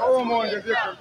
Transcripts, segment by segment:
Come on, you're different.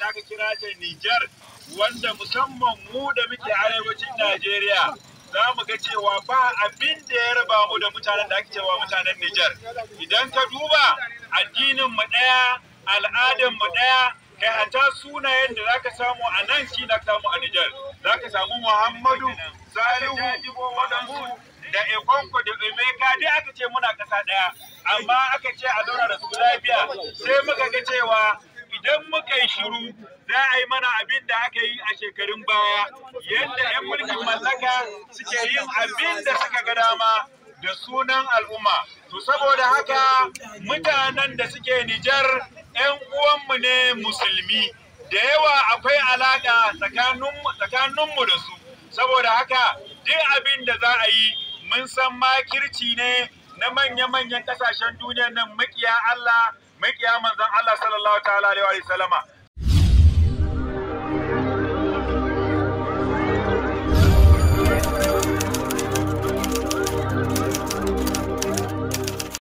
ta aka kira ta Nijar wanda musamman mu da muke arewacin Najeriya za mu ga cewa ba abin da ya raba mu da mutanen da ake cewa mutanen Nijar. Idan ka duba addinin mu ɗaya, al'adan mu ɗaya, kai hata sunayen da zaka samu a nan shi na samu a Nijar. Zaka samu Muhammadu, Salihu, Madansu, da Ekonko da Emeka dai aka ce muna ƙasa ɗaya. Amma aka ce a zauna da su lafiya sai muka ga cewa idan muka yi shiru za a yi mana abin da aka yi a shekarun baya yadda 'yan mulkin mallaka suke yin abin da suka ga dama da sunan al'umma to saboda haka mutanen da suke nijar 'yan uwanmu ne musulmi da yawa akwai alaƙa tsakaninmu da su saboda haka duk abin da za a yi mun san makirci ne na manya-manyan ƙasashen duniya nan makiya Allah makiya manzon Allah sallallahu ta'ala alaihi wa sallama